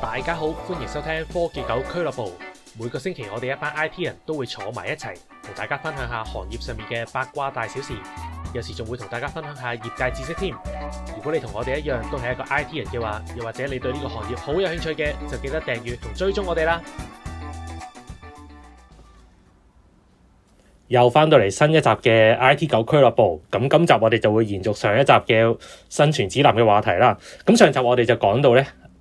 大家好，歡迎收聽科技狗俱樂部。每個星期我哋一班 IT 人都會坐埋一齊，同大家分享下行業上面嘅八卦大小事，有時仲會同大家分享下業界知識添。如果你同我哋一樣都係一個 IT 人嘅話，又或者你對呢個行業好有興趣嘅，就記得訂閱同追蹤我哋啦。又翻到嚟新一集嘅 IT 狗俱樂部，咁今集我哋就會延續上一集嘅生存指南嘅話題啦。咁上集我哋就講到呢。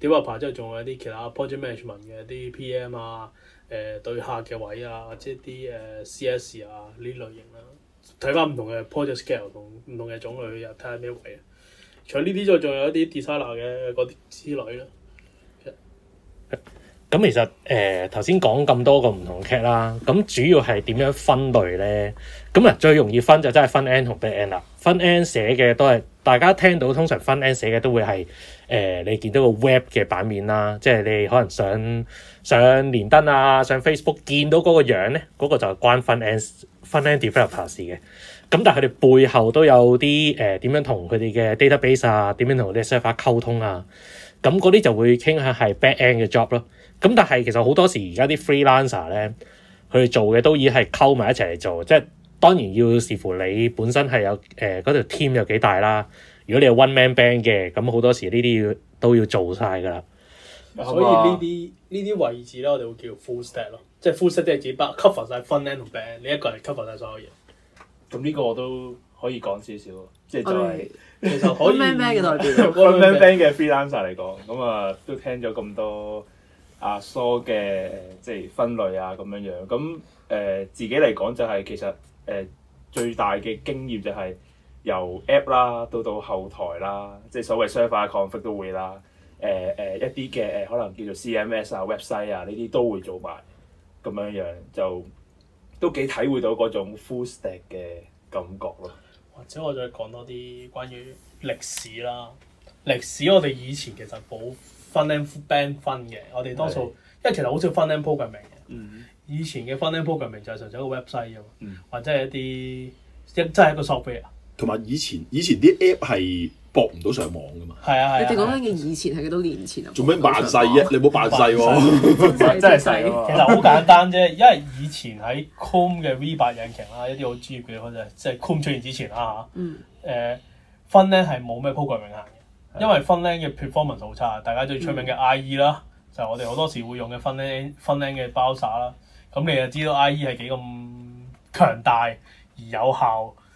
屌下排之後，仲有啲其他 project management 嘅啲 PM 啊，誒、呃、對客嘅位啊，或者啲誒、呃、CS 啊呢類型啦、啊，睇返唔同嘅 project scale 同唔同嘅種類，又睇下咩位啊。除咗呢啲，再仲有一啲 designer 嘅嗰啲之類啦、啊。咁、嗯、其實誒頭先講咁多個唔同 cat 啦，咁主要係點樣分類咧？咁啊最容易分就真係分 end 同 back end 啦。分 end 寫嘅都係大家聽到通常分 end 寫嘅都會係。誒、呃，你見到個 web 嘅版面啦，即係你可能上上連登啊，上 Facebook 見到嗰個樣咧，嗰、那個就係關 front end front end developer 事嘅。咁 但係佢哋背後都有啲誒點樣同佢哋嘅 database 啊，點樣同佢哋嘅 server 溝通啊，咁嗰啲就會傾向係 back end 嘅 job 咯。咁但係其實好多時而家啲 freelancer 咧，佢哋做嘅都已經係溝埋一齊嚟做，即係當然要視乎你本身係有誒嗰條 team 有幾大啦。如果你係 one man band 嘅，咁好多時呢啲要都要做晒㗎喇。是是，所以呢啲呢啲位置呢，我哋會叫 full stack 咯，即係 full stack 即係自己包 cover 晒 front end 同 band，你一個人 cover 晒所有嘢。咁呢個我都可以講少少，即係就係其實可以。One man band 嘅代表、One man band 嘅 freelancer 嚟講，咁啊都聽咗咁多啊疏嘅即係分類啊咁樣樣。咁誒、呃、自己嚟講就係、是、其實誒、呃、最大嘅經驗就係、是。由 app 啦，到到後台啦，即係所謂 server conflict 都會啦。誒誒，一啲嘅誒可能叫做 CMS 啊、website 啊呢啲都會做埋咁樣樣，就都幾體會到嗰種 full stack 嘅感覺咯。或者我再講多啲關於歷史啦。歷史我哋以前其實冇 frontend backend 分嘅，我哋多數因為其實好少 frontend programming 嘅。以前嘅 frontend programming 就係純粹一個 website 啊，或者係一啲即真係一個 software。同埋以前，以前啲 app 係博唔到上網噶嘛？係啊，啊你哋講緊嘅以前係幾多年前啊？做咩扮細啫？你冇扮細喎，啊、 真係細、啊、其實好簡單啫，因為以前喺 Chrome 嘅 V 八引擎啦，一啲好專業嘅嘢，即係 Chrome 出現之前啦嚇。芬誒，Firefox 係冇咩 program 名氣嘅，因為 Firefox 嘅 performance 好差。大家最出名嘅 IE 啦、嗯，就係我哋好多時會用嘅 Firefox 嘅 browser 啦。咁你就知道 IE 係幾咁強大而有效？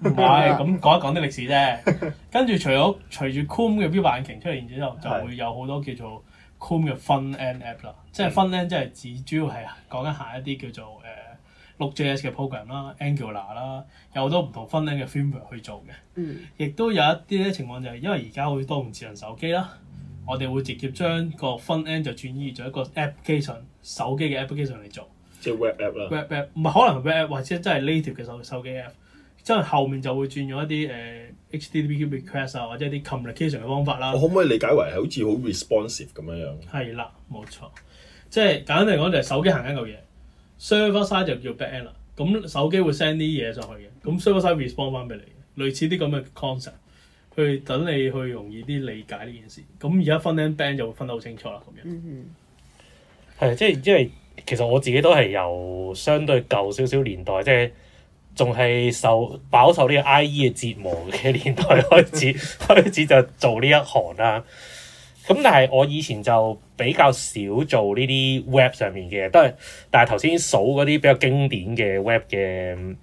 唔係，咁 講一講啲歷史啫。 跟住，除咗隨住 Chrome 嘅排版引擎出嚟，之後就會有好多叫做 Chrome 嘅 front end App 啦。嗯、即係 front end 即係只主要係講緊下一啲叫做誒、呃、6 g s 嘅 program 啦、啊、Angular 啦、啊，有好多唔同 front end 嘅 framework 去做嘅。亦、嗯、都有一啲咧情況就係、是，因為而家好多用智能手機啦，我哋會直接將個 front end 就轉移做一個 application 手機嘅 application 嚟做。即係 Web App 啦。Web App 唔係可能 Web，App，或者即係 Native 嘅手手機 App。即係後面就會轉用一啲誒、uh, HTTP request 啊，或者一啲 communication 嘅方法啦。我可唔可以理解為好似好 responsive 咁樣樣？係啦，冇錯。即係簡單嚟講，就係手機行緊嚿嘢，server side 就叫 backend。咁手機會 send 啲嘢上去嘅，咁 server side respond 翻俾你。類似啲咁嘅 concept，去等你去容易啲理解呢件事。咁而家 frontend、backend 就會分得好清楚啦，咁、啊、樣。嗯係、mm hmm.，即係因為其實我自己都係由相對舊少少，少年代即係。仲係受飽受呢個 IE 嘅折磨嘅年代開始 開始就做呢一行啦。咁但係我以前就比較少做呢啲 Web 上面嘅，都係但係頭先數嗰啲比較經典嘅 Web 嘅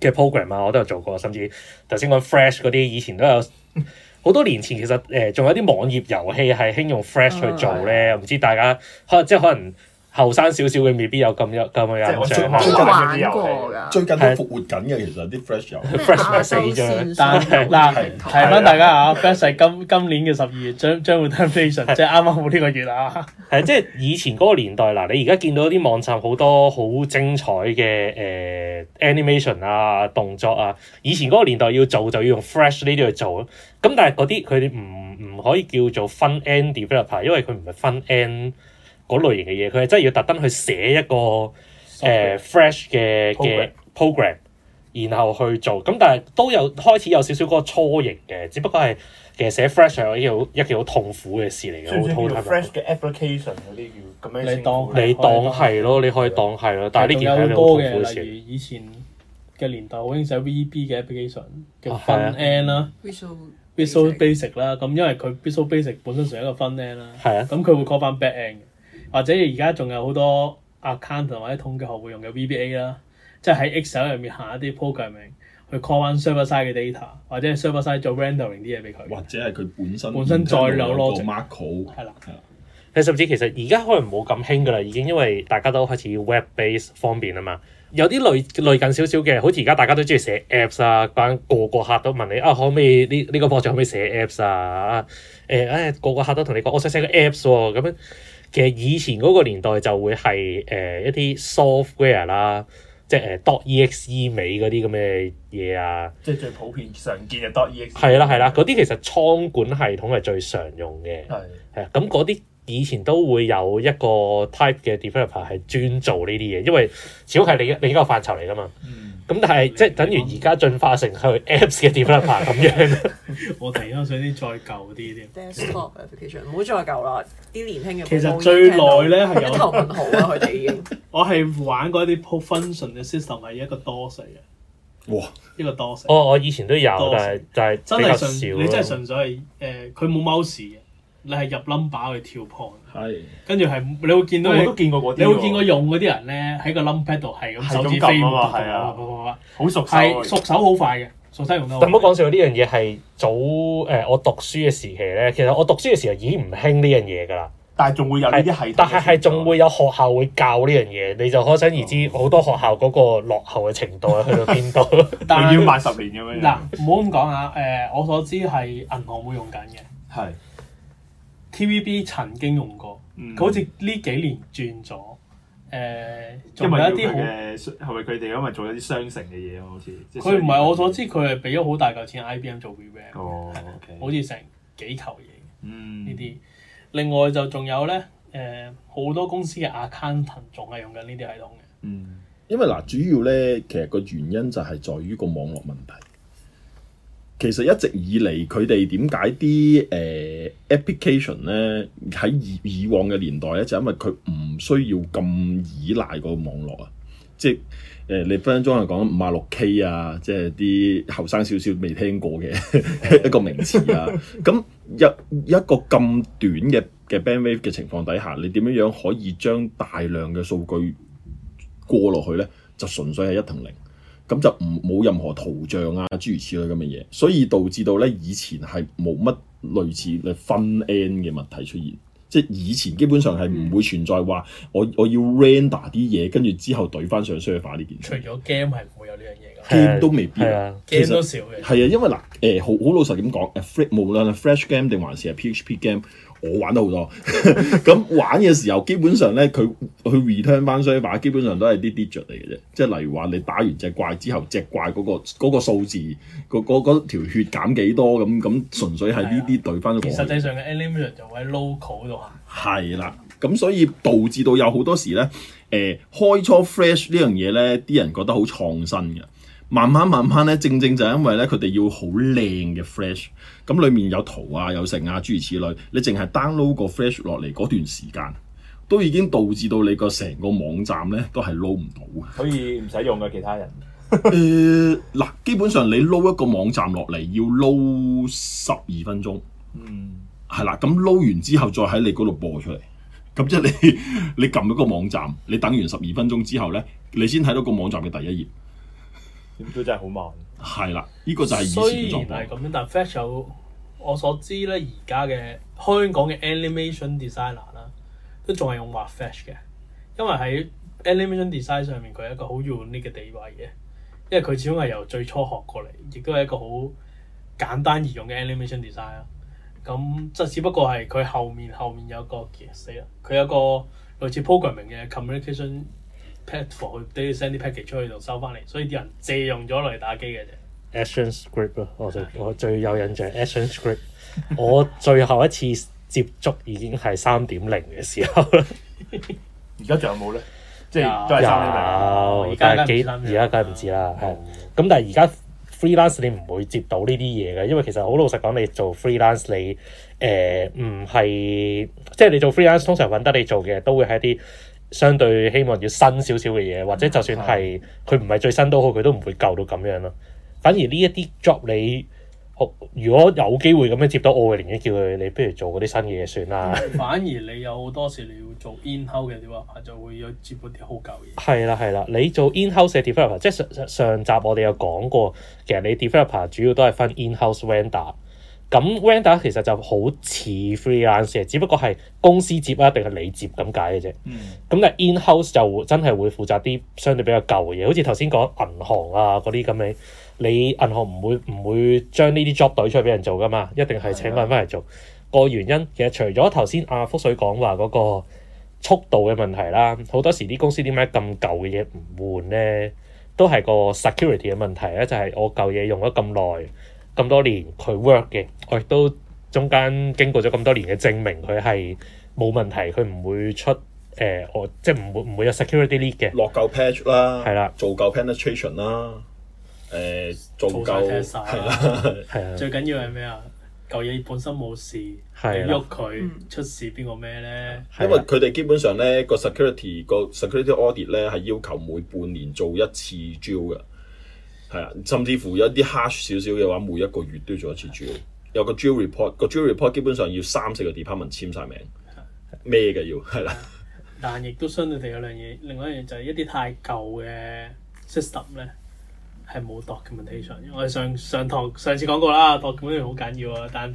嘅 program 啊，我都有做過，甚至頭先講 Flash 嗰啲，以前都有好 多年前，其實誒仲、呃、有啲網頁遊戲係興用 Flash 去做咧，唔 知大家可即係可能，後生少少嘅未必有咁有咁有印象。啲玩過㗎。最近都復活緊㗎，其實啲 Flash 有 Flash 死咗。但係嗱，睇翻大家啊，Flash 係今今年嘅十二月將將會 turn fresh，即係啱啱好呢個月啊。係啊，即係以前嗰個年代嗱，你而家見到啲網站好多好精彩嘅誒 animation 啊動作啊，以前嗰個年代要做就要用 Flash 呢啲去做咯。咁但係嗰啲佢哋唔唔可以叫做 Front End Developer，因為佢唔係 Front End。嗰類型嘅嘢，佢係真係要特登去寫一個誒 fresh 嘅嘅 program，然後去做咁，但係都有開始有少少嗰個初型嘅，只不過係其實寫 fresh 係一件好一件好痛苦嘅事嚟嘅。要 fresh 嘅 application 嗰啲要咁樣。你當你當係咯，你可以當係咯，但係呢件好多嘅。以前嘅年代，好興寫 V B 嘅 application 嘅 front end 啦，basic b a s basic 啦，咁因為佢 basic basic 本身成一個 front end 啦，係啊，咁佢會 call 翻 back end。或者而家仲有好多 account 或者統計學會用嘅 VBA 啦，即係喺 Excel 入面行一啲 programming 去 call n server side 嘅 data，或者 server side 做 rendering 啲嘢俾佢，或者係佢本身本身再攞攞 mark 好係啦係啦。但甚至其實而家可能冇咁興㗎啦，已經因為大家都開始 web base 方便啊嘛。有啲累類,類近少少嘅，好似而家大家都中意寫 apps 啊，嗰陣個個客都問你啊，可唔可以呢呢個 project 可唔可以寫 apps 啊？誒、哎、誒，個、哎、個客都同你講，我想寫個 apps 喎、啊，咁樣。其實以前嗰個年代就會係誒、呃、一啲 software 啦，即係誒 dot exe 尾嗰啲咁嘅嘢啊，即係最最普遍常見嘅 dot exe 係啦係啦，嗰啲 其實倉管系統係最常用嘅，係係咁嗰啲以前都會有一個 type 嘅 developer 係專做呢啲嘢，因為少係你你依個範疇嚟㗎嘛。嗯咁、嗯、但係即係等於而家進化成去 Apps 嘅 developer 咁樣。 我突然間想啲再舊啲啲。Desktop application 唔好再舊啦，啲年輕嘅。其實最耐咧係有系統問號啦，佢哋 已經。 我係玩嗰啲 function 嘅 system 係一個多式嘅。哇！一個多式。哦，我以前都有，但係就係真係少。你真係純粹係誒，佢冇 mouse 嘅。你係入 number 去跳 point，跟住係你會見到，我都見過嗰啲，你會見過用嗰啲人咧喺個 number 度係咁手指飛舞，係啊，好熟，係熟手好快嘅，熟手用到。但唔好講笑，呢樣嘢係早誒我讀書嘅時期咧，其實我讀書嘅時候已經唔興呢樣嘢噶啦。但係仲會有呢啲係，但係係仲會有學校會教呢樣嘢，你就可想而知好多學校嗰個落後嘅程度去到邊度，但要賣十年咁樣。嗱唔好咁講啊！誒，我所知係銀行會用緊嘅，係。TVB 曾經用過，佢、嗯、好似呢幾年轉咗，誒、呃，仲有啲嘅係咪佢哋因為做咗啲雙城嘅嘢好似，佢唔係我所知，佢係俾咗好大嚿錢 I B M 做 rebrand，好似成幾嚿嘢。嗯，呢啲另外就仲有咧，誒、呃，好多公司嘅 accountant 仲係用緊呢啲系統嘅。嗯，因為嗱、呃、主要咧，其實個原因就係在於個網絡問題。其實一直以嚟，佢哋點解啲誒 application 咧，喺以以往嘅年代咧，就是、因為佢唔需要咁依賴個網絡啊，即係誒、呃、你分分鐘係講五啊六 K 啊，即係啲後生少少未聽過嘅一個名詞啊。咁一 一個咁短嘅嘅 bandwidth 嘅情況底下，你點樣樣可以將大量嘅數據過落去咧？就純粹係一同零。咁就唔冇任何圖像啊，諸如此類咁嘅嘢，所以導致到咧以前係冇乜類似嚟分 N 嘅物體出現，即係以前基本上係唔會存在話我我要 render 啲嘢，跟住之後懟翻上 server 呢件。除咗 game 係唔會有呢樣嘢，game 都未必，啊、其實，game 都少嘅。係啊，因為嗱誒好好老實咁講，誒無論 Flash game 定還是係 PH PHP game。我玩得好多，咁 玩嘅時候基本上咧，佢佢 return 翻衰把，基本上都係啲啲 digit 嚟嘅啫。即係例如話，你打完隻怪之後，隻怪嗰、嗰個嗰、嗰個、數字，嗰、嗰個、條血減幾多咁咁，純粹係呢啲對翻咗。其實，實際上嘅 animation 就會喺 local 度行。係啦，咁所以導致到有好多時咧，誒、呃、開初 Flash 呢樣嘢咧，啲人覺得好創新嘅。慢慢慢慢咧，正正就係因為咧，佢哋要好靚嘅 flash 咁裏面有圖啊、有成啊，諸如此類。你淨係 download 個 flash 落嚟嗰段時間，都已經導致到你個成個網站咧都係 load 唔到嘅。所以唔使用嘅其他人。誒，嗱，基本上你 load 一個網站落嚟要 load 十二分鐘，嗯，係啦，咁 load 完之後再喺你嗰度播出嚟，咁即係你你撳一個網站，你等完十二分鐘之後咧，你先睇到個網站嘅第一頁。點都真係好慢。係啦，呢個就係以前嘅狀況。雖然係咁，但係 Flash 有我所知咧，而家嘅香港嘅 animation designer 啦，都仲係用畫 Flash 嘅。因為喺 animation design 上面，佢係一個好 unique 嘅地位嘅。因為佢始終係由最初學過嚟，亦都係一個好簡單易用嘅 animation design 啦。咁即係只不過係佢後面後面有個死啦。佢有個類似 programming 嘅 communication。platform 去 send 啲 package 出去就收翻嚟，所以啲人借用咗落嚟打機嘅啫。Action script 咯，我最我最有印象。Action script，我最後一次接觸已經係三點零嘅時候。而家仲有冇咧？即係都係三點零。而家幾？而家梗係唔知啦。咁但係而家 freelance 你唔會接到呢啲嘢嘅，因為其實好老實講，你做 freelance 你誒唔係，即係你做 freelance 通常揾得你做嘅都會係一啲。相對希望要新少少嘅嘢，或者就算係佢唔係最新都好，佢都唔會舊到咁樣咯。反而呢一啲 job 你，如果有機會咁樣接到我，我會寧願叫佢，你不如做嗰啲新嘅嘢算啦。反而你有好多時你要做 in house 嘅，你話就會有接嗰啲好舊嘢。係啦，係啦，你做 in house 嘅 developer，即係上上集我哋有講過，其實你 developer 主要都係分 in house vendor。咁 vendor 其實就好似 freelancer，只不過係公司接啊，一定係你接咁解嘅啫。咁、嗯、但 in-house 就真係會負責啲相對比較舊嘅嘢，好似頭先講銀行啊嗰啲咁樣。你銀行唔會唔會將呢啲 job 懟出嚟俾人做㗎嘛？一定係請翻翻嚟做。個的原因其實除咗頭先阿福水講話嗰個速度嘅問題啦，好多時啲公司點解咁舊嘅嘢唔換咧，都係個 security 嘅問題咧，就係、是、我舊嘢用咗咁耐。咁多年佢 work 嘅，我亦都中間經過咗咁多年嘅證明，佢係冇問題，佢唔會出誒，我、呃、即係唔會唔會有 security leak 嘅，落夠 patch 啦的，係啦、呃，做夠 penetration 啦，誒做夠，係啦，係啊，最緊要係咩啊？舊嘢本身冇事，的你喐佢、嗯、出事，邊個咩咧？因為佢哋基本上咧個 security 個 security audit 咧係要求每半年做一次 drill 嘅。甚至乎一啲 harsh 少少嘅話，每一個月都要做一次 drill。的有個 drill report，個 drill report 基本上要三、四個 department 簽晒名，咩嘅要？但亦都相對地有兩樣嘢。另外一樣嘢就係一啲太舊嘅 system 呢，係冇 documentation。我哋上，上堂上次講過啦，documentation 好緊要啊，但。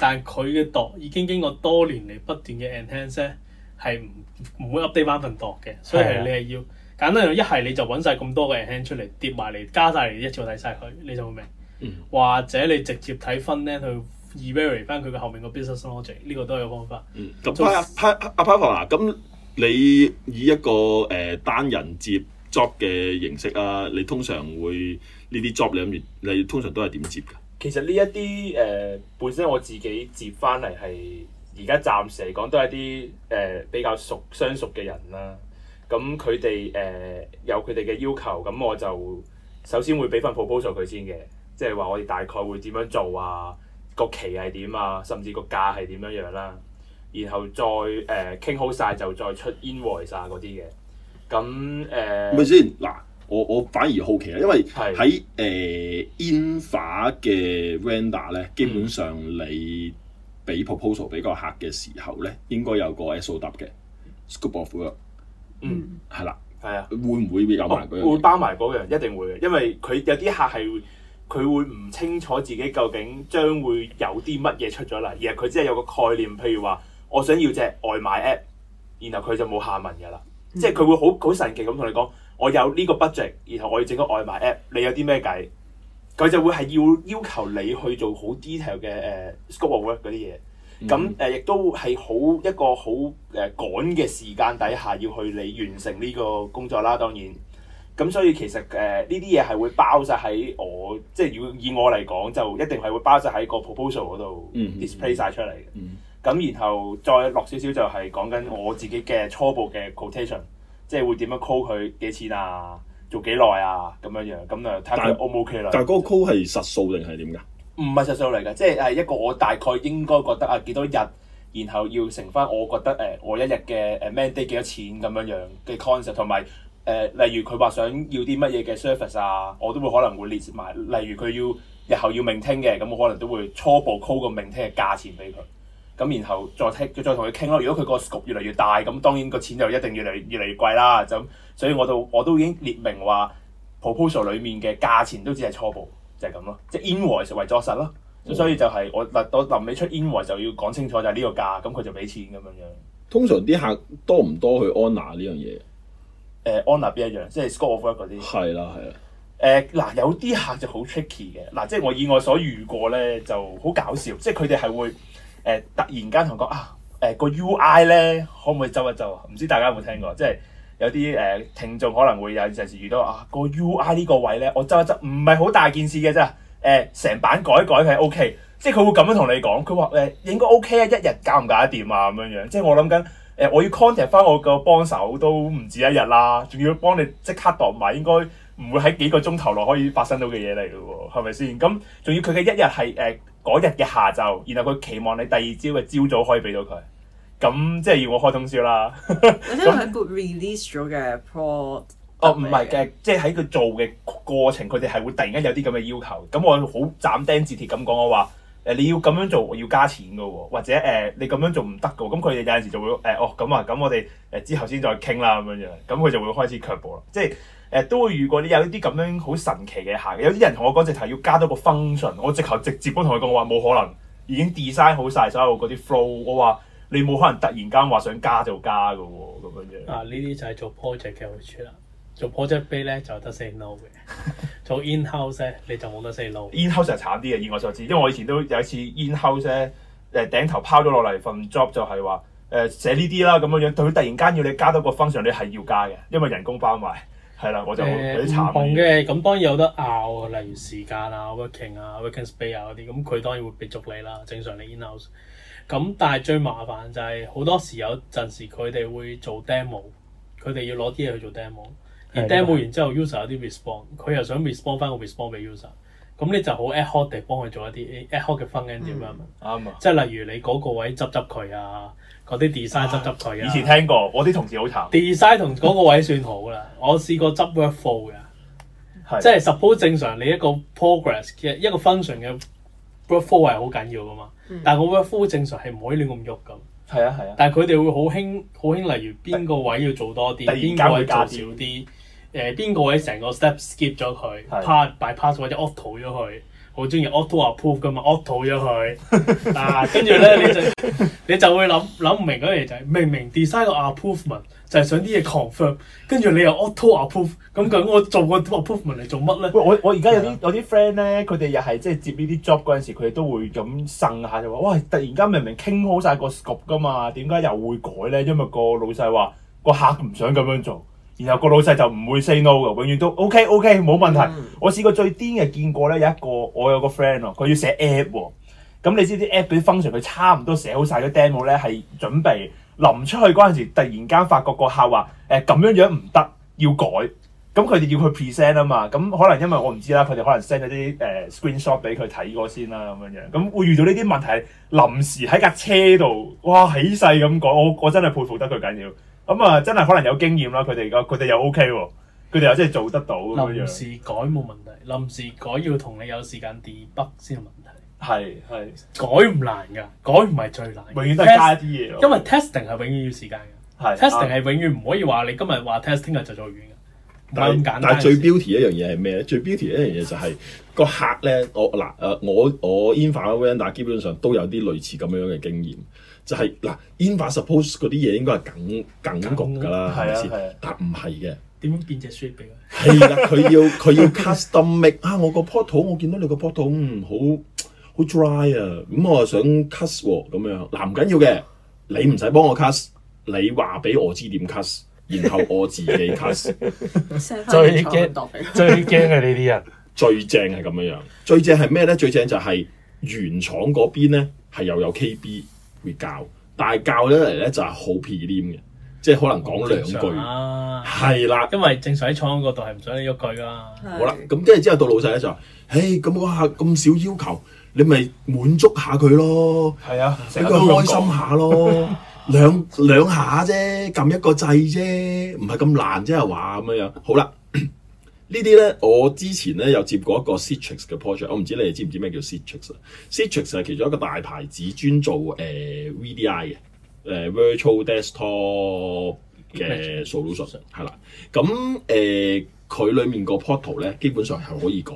但佢嘅度已經經過多年嚟不斷嘅 enhance，係唔唔會 update 翻份度嘅。所以係你係要簡單嚟講，一係你就揾晒咁多嘅 enhance 出嚟跌埋嚟，加晒嚟一次睇晒佢，你就會明。或者你直接睇分呢去 evaluate 翻佢嘅後面個 business logic，呢個都係方法。嗯，咁阿 p a 嗱，咁你以一個誒單人接 job 嘅形式啊，你通常會呢啲 job 面，你通常都係點接㗎？其實呢一啲誒本身我自己接翻嚟係而家暫時嚟講都係啲誒比較熟相熟嘅人啦。咁佢哋誒有佢哋嘅要求，咁、嗯、我就首先會俾份 proposal 佢先嘅，即係話我哋大概會點樣做啊，個期係點啊，甚至個價係點樣樣、啊、啦。然後再誒傾、呃、好晒，就再出 invoice 啊嗰啲嘅。咁誒。咪先嗱。呃等等我我反而好奇啊，因為喺誒煙化嘅 render 咧，是呃、or, 基本上你俾 proposal 俾個、嗯、客嘅時候咧，應該有個 s 答嘅 scope of、Work、嗯，係啦的。係啊的。會唔會有埋嗰、哦？會包埋嗰樣，一定會嘅，因為佢有啲客係佢會唔清楚自己究竟將會有啲乜嘢出咗嚟，而佢只係有個概念，譬如話我想要隻外賣 app，然後佢就冇下文㗎啦，嗯、即係佢會好好神奇咁同你講。我有呢個 budget，然後我要整個外賣 app，你有啲咩計？佢就會係要要求你去做好 detail 嘅誒 scope work 嗰啲嘢，咁誒、mm hmm. 呃、亦都係好一個好誒、呃、趕嘅時間底下要去你完成呢個工作啦、啊。當然，咁所以其實誒呢啲嘢係會包晒喺我，即係要以我嚟講就一定係會包晒喺個 proposal 嗰度 display 晒出嚟嘅。咁、mm hmm. mm hmm. 然後再落少少就係講緊我自己嘅初步嘅 quotation。即係會點樣 call 佢幾錢啊？做幾耐啊？咁樣樣咁啊，睇下佢 O 唔 OK 啦。但係嗰個 call 係實數定係點㗎？唔係實數嚟嘅，即係一個我大概應該覺得啊幾多日，然後要乘翻我覺得誒、呃、我一日嘅誒 man day 幾多錢咁樣樣嘅 concept，同埋誒例如佢話想要啲乜嘢嘅 service 啊，我都會可能會列埋。例如佢要日後要 maintain 嘅，咁我可能都會初步 call 個 maintain 嘅價錢俾佢。咁然後再聽，再同佢傾咯。如果佢個 scope 越嚟越大，咁當然個錢就一定越嚟越嚟越貴啦。就咁，所以我都我都已經列明話 proposal 裡面嘅價錢都只係初步，就係咁咯。即係 invoice 為作實咯。所以就係我我臨尾出 invoice 就要講清楚就係呢個價，咁佢就俾錢咁樣樣。通常啲客多唔多去 honor 呢樣嘢？誒 honor 邊一樣，即係 scope of 嗰啲。係啦，係啦。誒嗱，有啲客就好 tricky 嘅。嗱，即係我意外所遇過咧，就好搞笑。即係佢哋係會。誒突然間同講啊，誒、啊那個 UI 咧，可唔可以執一執？唔知大家有冇聽過？即係有啲誒、呃、聽眾可能會有陣時遇到啊，那個 UI 呢個位咧，我執一執唔係好大件事嘅啫。誒、啊、成版改一改係 OK，即係佢會咁樣同你講。佢話誒應該 OK 搞搞啊，一日搞唔搞得掂啊咁樣樣。即係我諗緊誒，我要 contact 翻我個幫手都唔止一日啦，仲要幫你即刻度埋，應該唔會喺幾個鐘頭內可以發生到嘅嘢嚟嘅喎，係咪先？咁、嗯、仲要佢嘅一日係誒。呃嗰日嘅下晝，然後佢期望你第二朝嘅朝早可以俾到佢，咁即係要我開通宵啦。我先喺部 release 咗嘅 pro 哦，唔係嘅， 即係喺佢做嘅過程，佢哋係會突然間有啲咁嘅要求，咁我好斬釘截鐵咁講我話，誒、呃、你要咁樣做我要加錢噶喎、哦，或者誒、呃、你咁樣做唔得噶喎，咁佢哋有陣時就會誒、呃、哦咁啊，咁我哋誒之後先再傾啦咁樣樣，咁佢就會開始卻步啦，即係。誒都會遇過，你有一啲咁樣好神奇嘅客，有啲人同我講直頭要加多個 function，我直頭直接我同佢講話冇可能，已經 design 好晒所有嗰啲 flow，我話你冇可能突然間話想加就加嘅喎，咁樣。啊，呢啲就係做 project 嘅好處啦。做 project base 咧就得 say no 嘅， 做 in house 咧你就冇得 say no in house 係慘啲嘅，以我所知，因為我以前都有一次 in house 咧，誒頂頭拋咗落嚟份 job 就係話誒寫呢啲啦咁樣樣，但佢突然間要你加多個 function，你係要加嘅，因為人工包埋。係啦，我就會去查嘅。咁、嗯嗯、當然有得拗，例如時間啊、working 啊、working space 啊嗰啲。咁佢當然會俾足你啦。正常你 in house。咁但係最麻煩就係、是、好多時有陣時佢哋會做 demo，佢哋要攞啲嘢去做 demo。而 demo 完之後 user 有啲 respond，佢又想 respond 翻個 respond 俾 user。咁你就好 ad hoc 地幫佢做一啲 ad hoc 嘅 function 啱啊！即係例如你嗰個位執執佢啊。我啲 design 執執佢，以前聽過，我啲同事好慘。design 同嗰個位算好啦， 我試過執 work flow 嘅，的即係 suppose 正常你一個 progress 嘅一個 function 嘅 work flow 係好緊要噶嘛，嗯、但係 work flow 正常係唔可以亂咁喐咁。係啊係啊，但係佢哋會好興好興，例如邊個位要做多啲，邊是個位做少啲，誒邊個位成個 step skip 咗佢，pass bypass 或者 opt out 咗佢。我中意 auto approve 噶嘛，auto 咗佢嗱，跟住咧你就你就會諗諗唔明嗰樣嘢就係明明 design 個 approvement 就係想啲嘢 confirm，跟住你又 auto approve，咁究竟我做個 approvement 嚟做乜咧？我我而家有啲了有啲 friend 咧，佢哋又係即係接呢啲 job 嗰陣時，佢哋都會咁呻下就話：，喂，突然間明明傾好晒個 scope 噶嘛，點解又會改咧？因為個老細話個客唔想咁樣做。然後個老細就唔會 say no 嘅，永遠都 OK OK 冇問題。Mm hmm. 我試過最癲嘅見過咧，有一個我有個 friend 咯，佢要寫 app 喎。咁你知啲 app 啲 function 佢差唔多寫好晒個 demo 咧，係準備臨出去嗰陣時，突然間發覺個客話誒咁樣樣唔得，要改。咁佢哋要佢 present 啊嘛。咁可能因為我唔知啦，佢哋可能 send 咗啲誒 screen shot 俾佢睇過先啦咁樣樣。咁會遇到呢啲問題，臨時喺架車度，哇起勢咁改，我我真係佩服得佢緊要。咁啊、嗯嗯，真係可能有經驗啦，佢哋而家佢哋又 OK 喎，佢哋又真係做得到。臨時改冇問題，臨時改要同你有時間調北先有問題。係係改唔難噶，改唔係最難，永遠都係加啲嘢。因為 testing 係為永遠要時間嘅，係 testing 係永遠唔可以話你今日話 test，聽日就做完嘅，唔係咁簡單。但係最 beauty 一樣嘢係咩咧？最 beauty 一樣嘢就係、是、個 客咧，我嗱誒、呃，我、呃、我煙花和 villa 基本上都有啲類似咁樣嘅經驗。就係、是、嗱 i n o u suppose 嗰啲嘢應該係梗梗局㗎啦，係咪？但唔係嘅，點變隻雪碧？係啦，佢要佢要 custom make 啊！我個 portal，我見到你個 portal，嗯，好好 dry 啊，咁我係想 cast 喎，咁樣嗱唔緊要嘅，你唔使幫我 cast，你話俾我知點 cast，然後我自己 cast。 最驚怕 最驚係呢啲人，最正係咁樣樣，最正係咩咧？最正就係原廠嗰邊咧，係又有 K B。會教，但係教咗嚟咧就係好皮黏嘅，即係可能講兩句，係啦，因為正常喺廠嗰度係唔想你喐句噶。好啦，咁跟住之後到老細咧就話，誒，咁嗰客咁少要求，你咪滿足下佢咯，係啊，俾佢開心下咯，兩兩下啫，撳一個掣啫，唔係咁難啫，係話咁樣樣，好啦。呢啲咧，我之前咧有接過一個 Citrix 嘅 project，我唔知你哋知唔知咩叫 Citrix 啊？Citrix 係其中一個大牌子專，專、呃、做誒 VDI 嘅誒、呃、Virtual Desktop 嘅 solution，係啦。咁誒佢裡面個 portal 咧，基本上係可以改。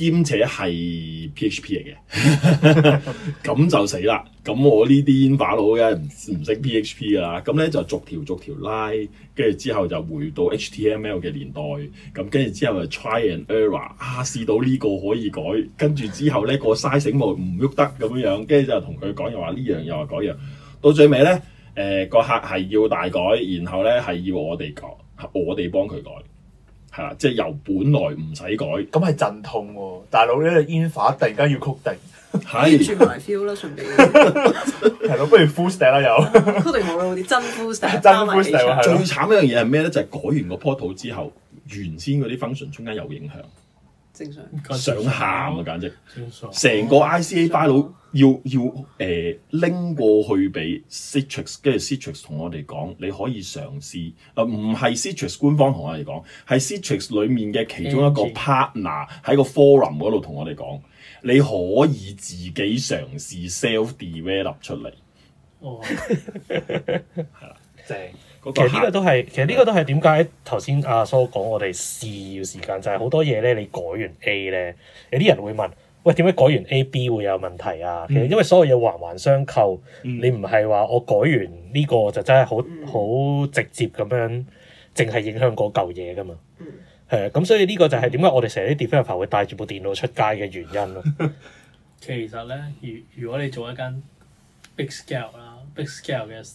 兼且係 PHP 嚟嘅，咁 就死啦！咁我呢啲煙佬嘅唔識 PHP 噶啦，咁咧就逐條逐條拉，跟住之後就回到 HTML 嘅年代，咁跟住之後就 try and error 啊，試到呢個可以改，跟住之後咧、個 size 醒目唔喐得咁樣樣，跟住就同佢講又話呢樣又話嗰樣，到最尾咧誒個客係要大改，然後咧係要我哋改，我哋幫佢改。係啦，即係由本來唔使改，咁係陣痛喎、啊，大佬呢咧煙化突然間要曲定，係轉埋 feel 啦，順 便，係咯，不如 full step 啦又，曲定好啲， 真 full step，真 full step，最慘一樣嘢係咩咧？就係、是、改完嗰 portal 之後，原先嗰啲 function 中間有影響。正常想喊啊，簡直！成常個 ICA file 要常要誒拎、呃、過去俾 Citrix，跟住 Citrix 同我哋講，你可以嘗試。誒唔係、嗯、Citrix 官方同我哋講，係 Citrix 裡面嘅其中一個 partner 喺個 forum 嗰度同我哋講，你可以自己嘗試 self develop 出嚟。哦，係啦 了，正。其實呢個都係，其實呢個都係點解頭先阿蘇講我哋試要時間，就係、是，好多嘢，咧，你改完 A 咧，有啲人會問，喂，點解改完 A B 會有問題啊？其實因為所有嘢環環相扣，嗯、你唔係話我改完呢個就真係好好直接咁樣，淨係影響嗰嚿嘢噶嘛？係啊、嗯，咁所以呢個就係點解我哋成日啲 developer 會帶住部電腦出街嘅原因咯。 其實咧，如如果你做一間 big scale 啦，big scale 嘅。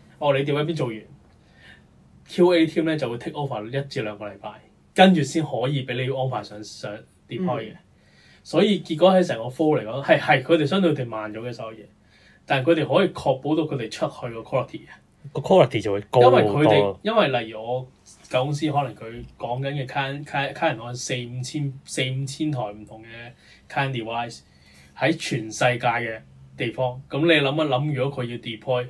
哦，你店嗰邊做完，QAT 咧就會 take over 一至兩個禮拜，跟住先可以俾你 offer 安排上上 deploy 嘅。De 嗯、所以結果喺成個科嚟講，係係佢哋相對地慢咗嘅所有嘢，但係佢哋可以確保到佢哋出去個 quality 嘅。個 quality 就會高，因為佢哋因為例如我舊公司可能佢講緊嘅 can can can 按四五千四五千台唔同嘅 candy wise 喺全世界嘅地方，咁你諗一諗，如果佢要 deploy？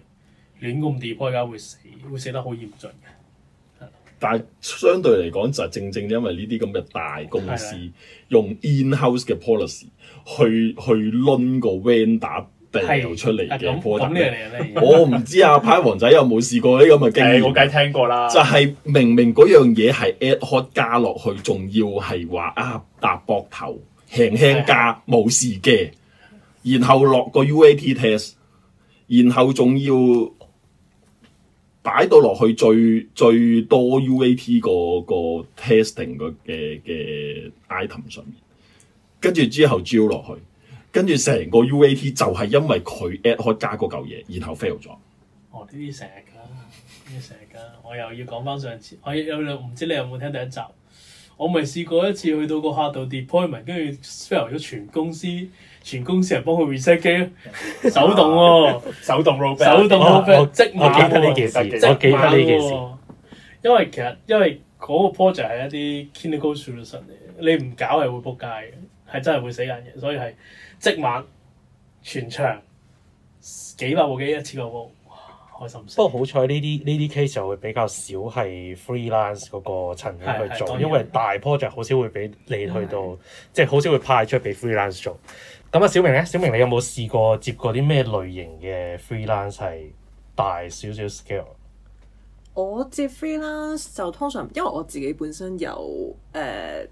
亂咁地，e 家 a 會死，會死得好嚴峻嘅。但係相對嚟講，就係、正正因為呢啲咁嘅大公司的用 in-house 嘅 policy 去去攆個 vendor 打地油出嚟嘅。我唔知阿、啊、 派王仔有冇試過呢咁嘅經驗？我梗係聽過啦。就係明明嗰樣嘢係 ad hoc 加落去，仲要係話啊搭膊頭輕輕加冇事嘅，然後落個 UAT test，然後仲要。擺到落去最最多 UAT 個，個 testing 嘅嘅 item 上面，跟住之後招落去，跟住成個 UAT 就係因為佢 at 開加嗰嚿嘢，然後 fail 咗。哦，呢啲成日㗎，呢啲成日㗎，我又要講返上次，我又有兩，唔知你有冇聽第一集，我咪試過一次去到個客度 deployment，跟住 fail 咗全公司。全公司人幫佢 reset 機咯，手動喎、啊， 手動 robot 手動即晚記得呢件事，我記得呢件事。因為其實因為嗰個 project 係一啲 cannot go solution 嚟嘅，你唔搞係會仆街嘅，係真係會死人嘅，所以係即晚全場幾百部機一次過哇，開心，不過好彩呢啲呢啲 case 就會比較少係 freelance 嗰個層面去做，因為大 project 好少會俾你去到，即係好少會派出俾 freelance 做。咁啊，小明咧，小明你有冇試過接過啲咩類型嘅 freelance 係大少少 scale？我接 freelance 就通常，因為我自己本身有誒、呃、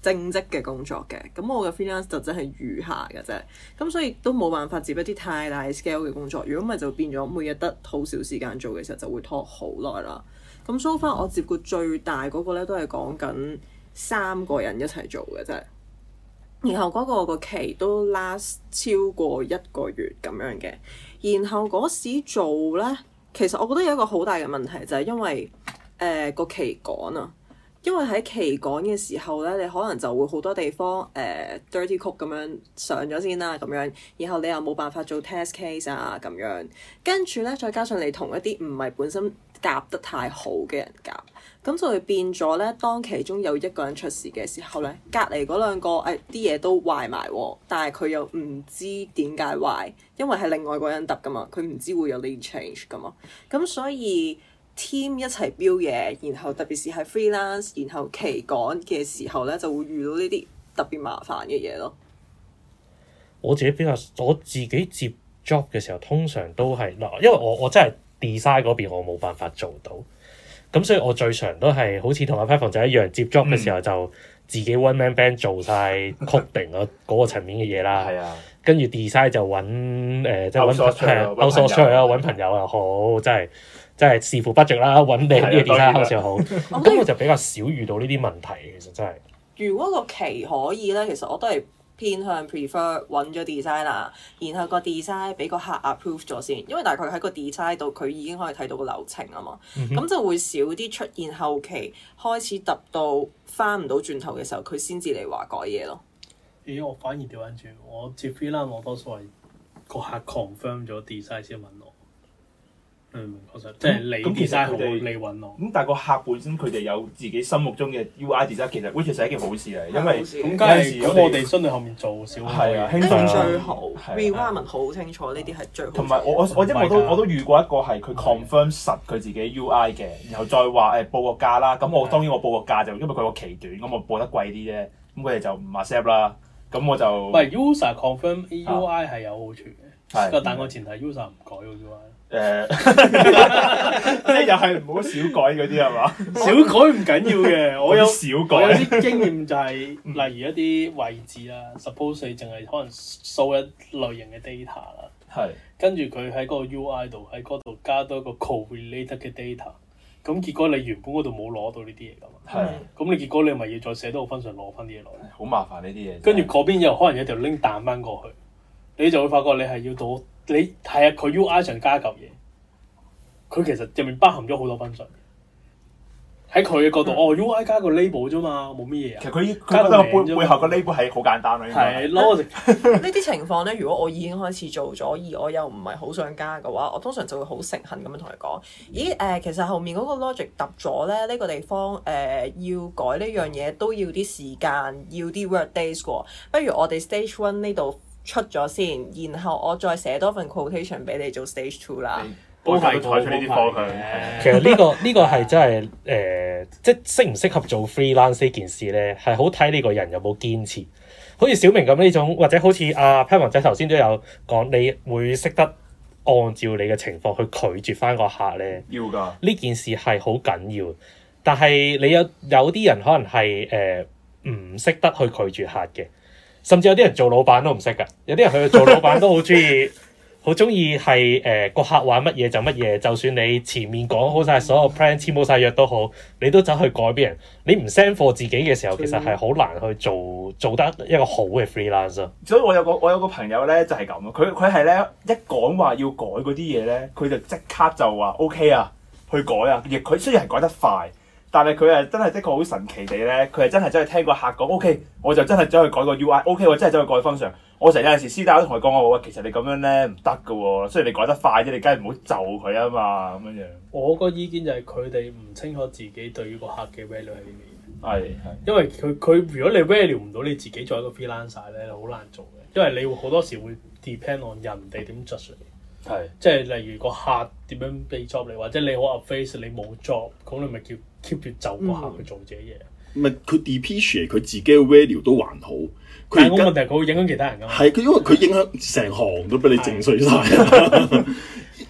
正職嘅工作嘅，咁我嘅 freelance 就真係餘下嘅啫。咁所以都冇辦法接一啲太大 scale 嘅工作。如果唔係就變咗每日得好少時間做嘅時候就會拖好耐啦。咁 so far、嗯、我接過最大嗰個咧都係講緊三個人一齊做嘅啫。然後嗰個期都 last 超過一個月咁樣嘅，然後嗰時做呢，其實我覺得有一個好大嘅問題就係因為誒個期趕啊，因為喺期趕嘅時候呢，你可能就會好多地方誒 dirty code 咁樣上咗先啦咁樣，然後你又冇辦法做 test case 啊咁樣，跟住呢，再加上你同一啲唔係本身夾得太好嘅人夾。咁就會變咗咧，當其中有一個人出事嘅時候咧，隔離嗰兩個啲嘢、哎、都壞埋，但係佢又唔知點解壞，因為係另外個人揼噶嘛，佢唔知會有呢啲 change 噶嘛。咁所以、mm hmm. team 一齊 build 嘢，然後特別是係 freelance，然後期趕嘅時候咧，就會遇到呢啲特別麻煩嘅嘢咯。我自己比較我自己接 job 嘅時候，通常都係嗱，因為我我真係 design 嗰邊，我冇辦法做到。咁所以，我最常都係好似同阿 Patrick 仔一樣接 job 嘅時候，就自己 one man band 做晒確定啊嗰個層面嘅嘢啦。係啊，跟住 design 就揾誒、呃，即係揾 out source 出嚟咯，揾朋友又好，真係視乎 budget 啦，揾定呢個 design out source 又好。我今、嗯、就比較少遇到呢啲問題，其實真係。 如果個期可以咧，其實我都係。偏向 prefer 揾咗 design 啦，然後個 design 俾個客 approve 咗先，因為大概佢喺個 design 度佢已經可以睇到個流程啊嘛，咁、嗯、哼就會少啲出現後期開始揼到翻唔到轉頭嘅時候，佢先至嚟話改嘢咯。咦？我反而調返轉，我接飛啦我多數係個客 confirm 咗 design 先問我。嗯，確實，即係咁，其實佢哋利揾我，咁但係個客本身佢哋有自己心目中嘅 UI 其 e s i 其實好似係一件好事嚟，因為有時我哋喺你後面做少，係啊，輕鬆最好 r e q i n t 好清楚，呢啲係最同埋我我我因為我都我都遇過一個係佢 confirm 實佢自己 UI 嘅，然後再話誒報個價啦，咁我當然我報個價就因為佢個期短，咁我報得貴啲啫，咁佢哋就唔 accept 啦。咁我就唔係 user confirm A U I 係有好處嘅，但係前提 user 唔改個 U I 誒，即係又係唔好少改嗰啲係嘛？少改唔緊要嘅，我有少改我有啲經驗就係例如一啲位置啦，suppose 淨係可能 show 一類型嘅 data 啦，係跟住佢喺嗰個 U I 度喺嗰度加多一個 correlated 嘅 data。咁結果你原本嗰度冇攞到呢啲嘢噶嘛，係的，咁你結果你咪要再寫多份信攞翻啲嘢落嚟，好麻煩呢啲嘢。跟住嗰邊又可能有條拎彈翻過去，你就會發覺你係要到，你係啊，佢 UI 上加嚿嘢，佢其實入面包含咗好多份信。喺佢嘅角度，嗯、哦，UI 加個 label 啫嘛，冇乜嘢啊。其實佢加個名，背後個 label 係好簡單啊。係是，攞。呢啲 Logic 情況咧，如果我已經開始做咗，而我又唔係好想加嘅話，我通常就會好誠懇咁樣同佢講，咦，誒、呃，其實後面嗰個 logic 揼咗咧，呢、這個地方誒、呃、要改呢樣嘢都要啲時間，要啲 work days 喎。不如我哋 stage one 呢度出咗先，然後我再寫多份 quotation 俾你做 stage two 啦。都係要採取呢啲方向。 其實呢、呢個呢、呢個係真係誒，即、呃、係、就係、適唔適合做 freelance 呢件事咧，係好睇呢個人有冇堅持。好似小明咁呢種，或者好似阿 Pan 仔頭先都有講，你會識得按照你嘅情況去拒絕翻個客咧。要㗎的。呢件事係好緊要，但係你有有啲人可能係誒唔識得去拒絕客嘅，甚至有啲人做老闆都唔識㗎。有啲人去做老闆都好中意。好中意係誒個客話乜嘢就乜嘢， 就算你前面講好晒所有 plan 簽好晒約都好，你都走去改俾人。你唔 send 貨自己嘅時候，其實係好難去做做得一個好嘅 freelancer。所以我有個我有個朋友咧就係咁啊，佢佢係咧一講話要改嗰啲嘢咧，佢就即刻就話 OK 啊，去改啊。亦佢雖然係改得快，但係佢係真係的，的確好神奇地咧，佢係真係真係聽個客講 OK，我就真係走去改個 UI，OK、OK，我真係走去改 function。我成日有陣時私底下都同佢講話，我話其實你咁樣咧唔得嘅喎，雖然你改得快啲，你梗係唔好就佢啊嘛咁樣樣。我個意見就係佢哋唔清楚自己對於個客嘅 value 係啲咩嘢。係。因為佢佢如果你 value 唔到你自己作為一個 freelancer 咧，好難做嘅。因為你好多時會 depend on 人哋點 job 你。係。即係例如個客點樣被 job 你，或者你好 unfaced 你冇 job，咁你咪叫 keep 住就個客去做自己嘢。唔係佢 depreciate 佢自己嘅 value 都還好。但係個問題，佢會影響其他人噶。係，佢因為佢影響成行都俾你整碎晒。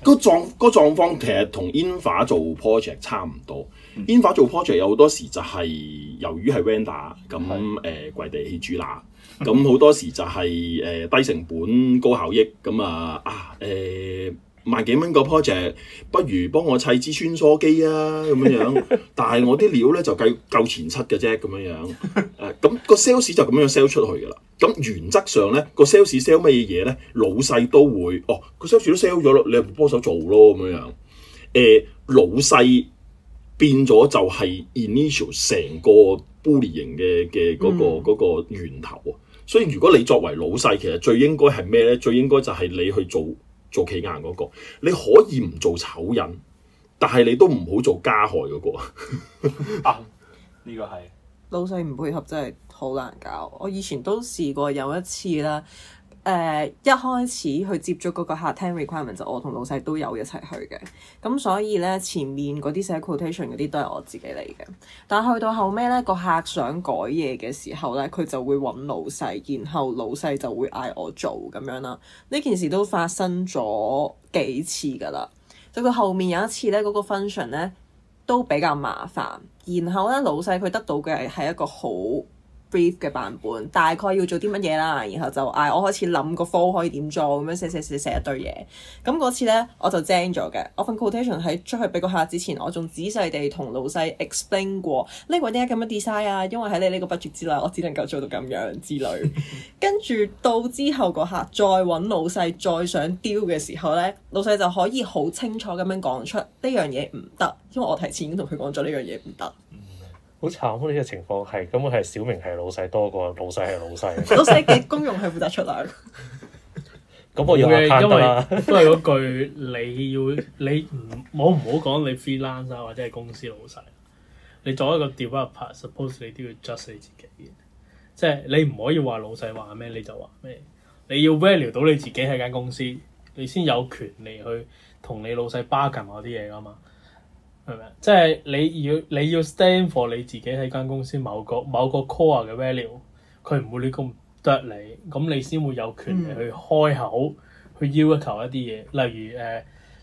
個狀個狀況其實同 infra 做 project 差唔多。infra、嗯、做 project 有好多時就係由於係 vendor 咁誒跪地起豬乸，咁好多時就係誒低成本高效益咁啊啊誒。呃萬幾蚊個 project，不如幫我砌支穿梭機啊咁樣樣，但係我啲料咧就計夠前七嘅啫咁樣樣。誒，咁、個 sales 就咁樣 sell 出去嘅啦。咁原則上咧，個 sales sell 乜嘢嘢咧，老細都會哦，個 sales 都 sell 咗咯，你幫手做咯咁樣樣。誒、呃，老細變咗就係 initial 成個 bully 型嘅嘅嗰、那個嗰、嗯、個源頭啊。所以如果你作為老細，其實最應該係咩咧？最應該就係你去做。做企硬嗰個，你可以唔做醜人，但係你都唔好做加害嗰個 啊！呢個係老細唔配合，真係好難搞。我以前都試過有一次啦。誒、uh, 一開始去接觸嗰個客廳 requirement 就我同老細都有一齊去嘅，咁所以咧前面嗰啲寫 quotation 嗰啲都係我自己嚟嘅。但係去到後尾咧，個客想改嘢嘅時候咧，佢就會揾老細，然後老細就會嗌我做咁樣啦。呢件事都發生咗幾次㗎啦。就佢後面有一次咧，嗰、嗰個 function 咧都比較麻煩，然後咧老細佢得到嘅係一個好嘅版本大概要做啲乜嘢啦，然後就嗌我開始諗個科可以點做，咁樣寫寫寫寫一堆嘢。咁嗰次呢，我就精咗嘅。我份 quotation 喺出去俾個客之前，我仲仔細地同老細 explain 過呢個點解咁樣 design 啊，因為喺你呢個 budget 之內，我只能夠做到咁樣之類。 跟住到之後個客再揾老細再想丟嘅時候呢，老細就可以好清楚咁樣講出呢樣嘢唔得，因為我提前已經同佢講咗呢樣嘢唔得。好慘啊！呢個情況係咁，係小明係老細多過老細係老細。 老細嘅功用係負責出糧。咁 我用下因為都係嗰句：你要你唔冇唔好講你 freelance 啊，或者係公司老細。你作為一個 developer，suppose 你都要 trust 你自己嘅，即係你唔可以話老細話咩你就話咩。你要 value 到你自己喺間公司，你先有權利去同你老細 bargain 嗰啲嘢噶嘛。係咪？即係你要你要 stand for 你自己喺間公司某個某個 core 嘅 value，佢唔會亂你咁剁你，咁你先會有權力去開口去要求一啲嘢，例如誒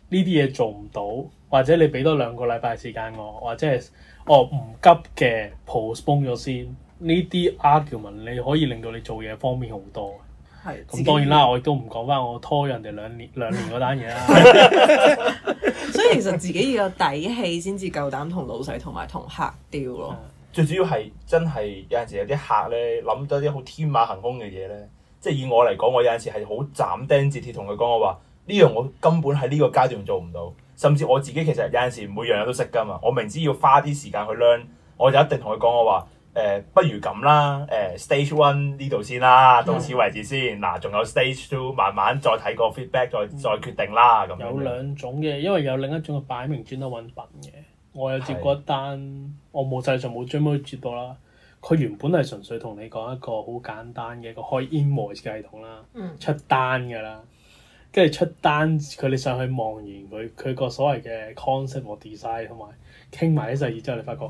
呢啲嘢做唔到，或者你俾多兩個禮拜時間我，或者係哦唔急嘅 postpone 咗先 post，呢啲 argument 你可以令到你做嘢方便好多。係咁，當然啦，我亦都唔講翻我拖人哋兩年兩年嗰單嘢啦。所以其實自己要有底氣先至夠膽同老細同埋同客 deal 咯。最主要係真係有陣時有啲客咧諗到啲好天馬行空嘅嘢咧，即係以我嚟講，我有陣時係好斬釘截鐵同佢講我話，呢樣我根本喺呢個階段做唔到，甚至我自己其實有陣時每樣嘢都識噶嘛。我明知要花啲時間去 learn，我就一定同佢講我話。誒、呃，不如咁啦，誒、呃，stage one 呢度先啦，到此為止先。嗱、嗯，仲有 stage two，慢慢再睇個 feedback，再、嗯、再決定啦。咁有兩種嘅，因為有另一種嘅擺明專登揾笨嘅。我有接過一單，的我冇實際上冇專門接過啦。佢原本係純粹同你講一個好簡單嘅一個開 invoice 嘅系統啦，嗯、出單㗎啦，跟住出單，佢你上去望完佢，佢個所謂嘅 concept 和 design 同埋傾埋啲細節之後，你發覺。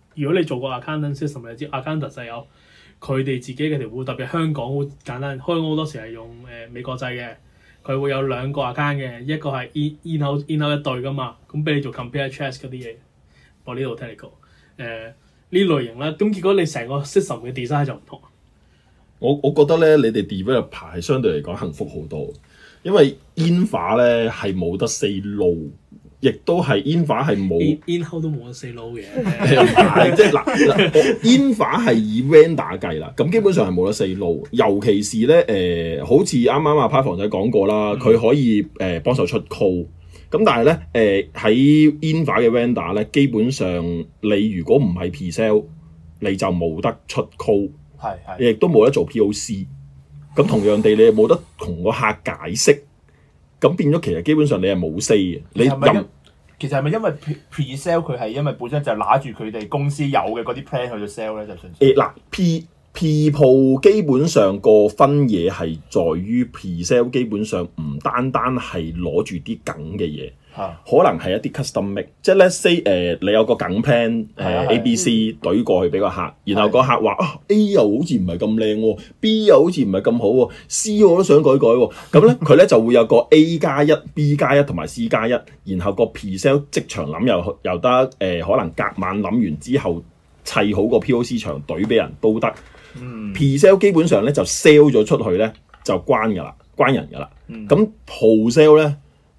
如果你做過 accountant assistant 或 accountant 仔，有佢哋自己嘅條路，特別香港好簡單，開 a 多時係用誒、呃、美國制嘅，佢會有兩個 account 嘅，一個係 in in hold, in 一代㗎嘛，咁俾你做 c o m p u t e r c h e s s 嗰啲嘢。我呢度聽你講，誒呢、呃、類型咧，咁結果你成個 system 嘅 design 就唔同。我我覺得咧，你哋 develop 排係相對嚟講幸福好多，因為煙化咧係冇得四路。亦都係 Infra，係冇 Infra 都冇得 say low 嘅、啊，即係嗱嗱，Infra 係以 vendor 計啦，咁基本上係冇得 say low。尤其是咧誒、呃，好似啱啱啊派房仔講過啦，佢可以誒、呃、幫手出 call，咁但係咧誒喺 Infra 嘅 vendor 咧，呃、or，基本上你如果唔係 pre-sale 你就冇得出 call，係、係，亦都冇得做 POC。咁同樣地，你冇得同個客解釋。咁變咗，其實基本上你係冇 say 嘅。你係咪？其實係咪因，任因為 pre sale 佢係因為本身就揦住佢哋公司有嘅嗰啲 plan 去到 sell 咧？就誒嗱，P P 鋪基本上個分嘢係在於 pre sale，基本上唔單單係攞住啲梗嘅嘢。可能係一啲 custom made，m 即係 let's say 誒，你有個緊 plan 誒 A、B、呃、啊啊、C 隊過去俾個客，然後個客話啊 A 又好似唔係咁靚喎，B 又好似唔係咁好喎，C 我都想改改喎，咁咧佢咧就會有個 A 加一、1, B 加一同埋 C 加一，1, 然後個 P sell 即場諗又又得誒、呃，可能隔晚諗完之後砌好個 POC 場隊俾人都得。 P sell 基本上咧就 sell 咗出去咧就關噶啦，關人噶啦。 嗯， 咁 post sell 咧。嗯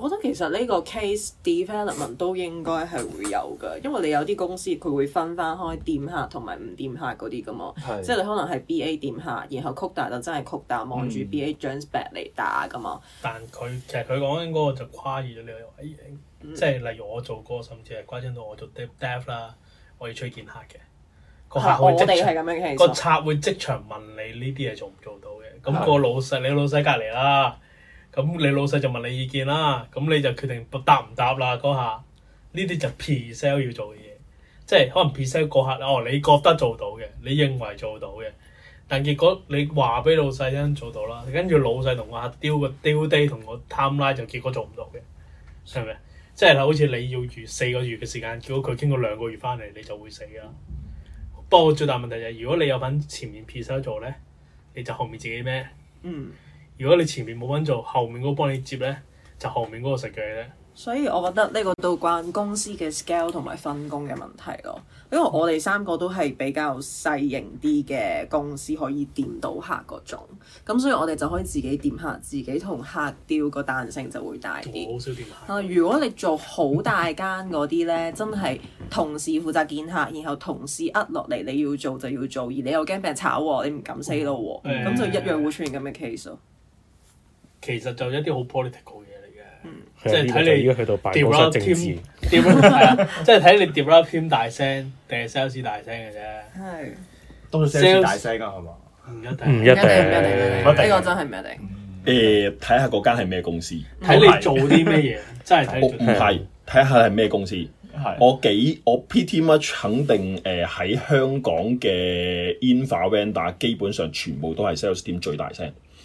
我覺得其實呢個 case development 都應該係會有嘅，因為你有啲公司佢會分返開店客同埋唔店客嗰啲噶嘛。是即係你可能係 BA 店客，然後 couple 就真係 couple 望住 BA j o e s、嗯、s b a c 嚟打噶嘛。但佢其實佢講緊嗰就跨越咗你個、哎、即係例如我做歌，甚至係跨進到我做 deep dev 啦，我要出去見客嘅，個的客會即場。個客會即場問你呢啲嘢做唔做到嘅。咁、那個老細，的你老細隔籬啦。咁你老細就問你意見啦，咁你就決定答唔答啦嗰下，呢啲就 pre-sell 要做嘅嘢，即係可能 pre-sell 個客哦，你覺得做到嘅，你認為做到嘅，但結果你話俾老細聽做到啦，跟住老細同個客丟個丟 day 同我 time line，就結果做唔到嘅，係咪？即係好似你要預四個月嘅時間，結果佢經過兩個月翻嚟，你就會死啦。嗯、不過最大問題就係如果你有份前面 pre-sell 做咧，你就後面自己孭？嗯。如果你前面冇人做，後面嗰個幫你接咧，就後面嗰個食嘅咧。所以我覺得呢個都關公司嘅 scale 同埋分工嘅問題咯。因為我哋三個都係比較細型啲嘅公司，可以掂到客嗰種。咁所以我哋就可以自己掂客，自己同客調個彈性就會大啲。好少掂客。啊，如果你做好大間嗰啲咧，真係同事負責見客，然後同事呃落嚟你要做就要做，而你又驚俾人炒喎，你唔敢 say 咯喎。咁、嗯、就一樣會出現咁嘅 case 咯。其實就一啲好 political 嘢嚟嘅，即係睇你。依家去到辦公室政治，即係睇你 department 大聲定 sales 大聲嘅啫。係，都係 sales 大聲㗎，係嘛？唔一定，唔一定，唔一定。呢個真係唔一定。誒，睇下嗰間係咩公司，睇你做啲咩嘢，真係。我唔係睇下係咩公司，我幾我 pretty much 肯定誒喺香港嘅 infra vendor 基本上全部都係 sales 店最大聲。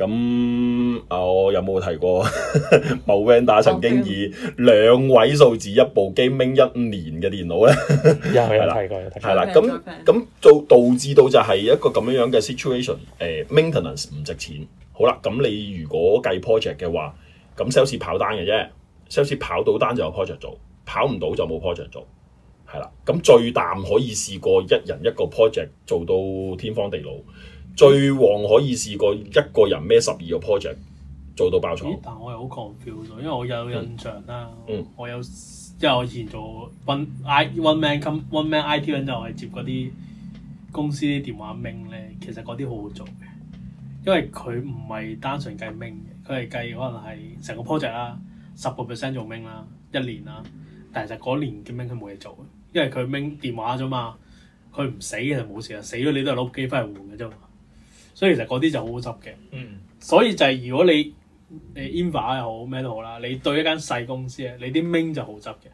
咁啊，我、哦、有冇提過 某 vendor 曾經以兩位數字一部機掕一年嘅電腦咧？有有提過，係啦。咁咁做導致到就係一個咁樣樣嘅 situation，誒、呃、maintenance 唔值錢。好啦，咁你如果計 project 嘅話，咁 sales 跑單嘅啫，sales 跑到單就有 project 做，跑唔到就冇 project 做。係啦，咁最大可以試過一人一個 project 做到天荒地老。最旺可以試過一個人孭十二個 project 做到爆廠，但我又好 confuse，因為我有印象啦。嗯、我有因為我以前做 One I One Man One Man I T 嗰陣，我係接嗰啲公司啲電話 ming 咧，其實嗰啲好好做嘅，因為佢唔係單純計 ming，佢係計可能係成個 project 啦，十個 percent 做 ming 啦，一年啦，但係就嗰年嘅 ming 佢冇嘢做，因為佢 ming 電話咋嘛，佢唔死就冇事啊，死咗你都係攞部機翻嚟換嘅啫。所以其實嗰啲就好好執嘅，mm hmm. 所以就係如果你你 inver 也好咩都好啦，你對一間細公司咧，你啲 ming 就好執嘅；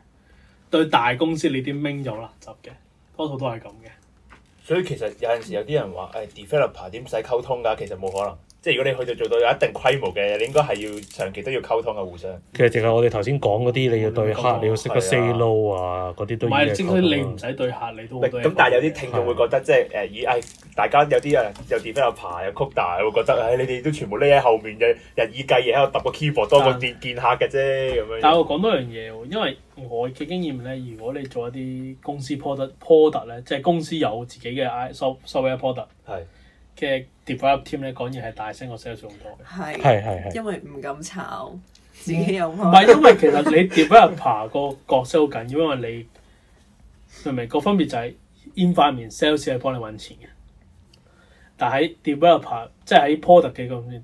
對大公司你啲 ming 就好難執嘅，多數都係咁嘅。所以其實有陣時有啲人話誒、哎、developer 點使溝通㗎，其實冇可能。即係如果你去到做到有一定規模嘅，你應該係要長期都要溝通嘅互相。其實淨係我哋頭先講嗰啲，你要對客，你要識得 say no 啊，嗰啲都要。唔係，即係你唔使對客，你都。咁但係有啲聽眾會覺得，的即係誒以誒，大家有啲啊又點都有排，又曲大，會覺得誒的、哎、你哋都全部匿喺後面嘅日以繼夜喺度揼個 keyboard 多過見見客嘅啫咁樣。但係我講多樣嘢喎，因為我嘅經驗咧，如果你做一啲公司 product，product 咧，即係公司有自己嘅 software product。係。嘅 develop team 咧講嘢係大聲過 sales 仲多，係，係，係，因為唔敢炒，自己又唔係，因為其實你 developer 爬個角色好緊要，因為你明唔明，個分別就係 in 塊面 sales 係幫你揾錢嘅，但喺 developer 即喺 port 嘅咁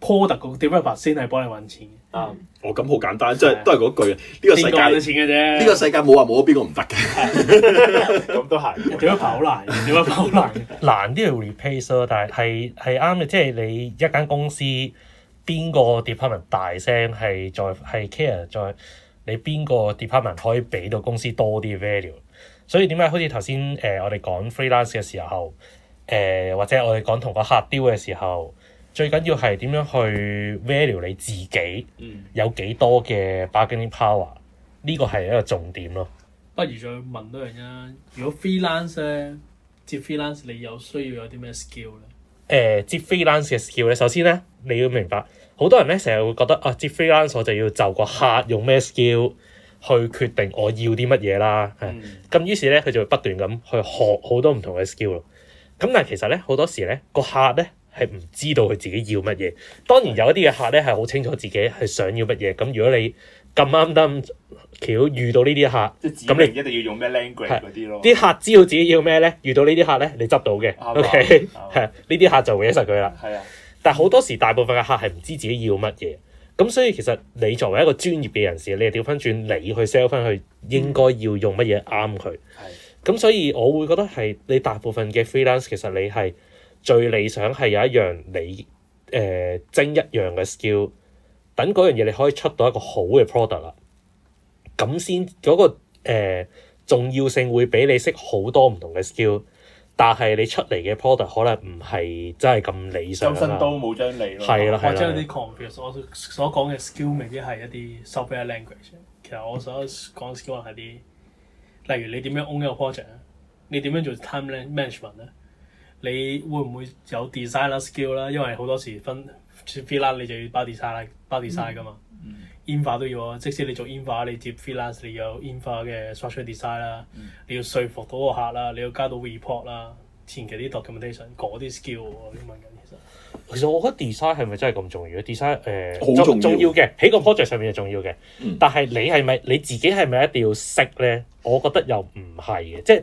，port 個 developer 先係幫你揾錢。啊！Um, 我咁好簡單，即係的都係嗰句啊。呢、這個世界邊個都錢嘅啫。呢個，個世界冇話冇咗邊個唔得嘅。咁都係。點樣 跑難？點樣 跑難？ 難啲係 replace 咯，但係係係啱嘅。即、就、係、是、你一間公司邊個 department 大聲係在係 care 在你邊個 department 可以俾到公司多啲 value。所以點解好似頭先誒我哋講 freelance 嘅時候誒、呃，或者我哋講同個客 deal 嘅時候。最緊要係點樣去 value 你自己有幾多嘅 bargaining power？呢個係一個重點咯。不如再問多樣啫。如果 freelance 咧接 freelance，你有需要有啲咩 skill 咧？誒、嗯，接 freelance 嘅 skill 咧，首先咧你要明白，好多人咧成日會覺得啊，接 freelance 我就要就個客用咩 skill 去決定我要啲乜嘢啦。咁、嗯、於是咧佢就會不斷咁去學好多唔同嘅 skill 咯。咁但係其實咧好多時咧個客咧。係唔知道佢自己要乜嘢。當然有一啲嘅客咧係好清楚自己係想要乜嘢。咁如果你咁啱得巧遇到呢啲客，咁你一定是要用咩 language 嗰啲咯？啲客知道自己要咩咧？遇到呢啲客咧，你執到嘅。OK 係呢啲客就會啱實佢啦。係啊吧，但係好多時大部分嘅客係唔知自己要乜嘢。咁所以其實你作為一個專業嘅人士，你係調翻轉你去 sell 翻去，應該要用乜嘢啱佢。係咁吧，吧所以我會覺得係你大部分嘅 freelance 其實你係。最理想係有一樣你誒精、呃、一樣嘅 skill，等嗰樣嘢你可以出到一個好嘅 product 啦，咁先嗰個誒、呃、重要性會比你識好多唔同嘅 skill，但係你出嚟嘅 product 可能唔係真係咁理想。周身刀冇張利咯，或者有啲 confuse。我所講嘅 skill 未必係一啲 software language。其實我所講 skill 係啲，例如你點樣 own 一個 project，你點樣做 timeline management 咧？你會唔會有 design 啦？skill 啦，因為好多時分，fit 啦，你就要包 design 啦，包 design 㗎嘛。煙化都要啊，即使你做煙化，你接 fit 啦，你有煙化嘅，such a design 啦、嗯，你要說服嗰個客啦，你要加到 report 啦，前期啲 documentation，嗰啲 skill 喎。我問緊嘅其實，其實我覺得 design 係咪真係咁重要？design、呃、好重要嘅，喺個 project 上面係重要嘅。但係你係咪，你自己係咪一定要識呢？我覺得又唔係嘅，即、就、係、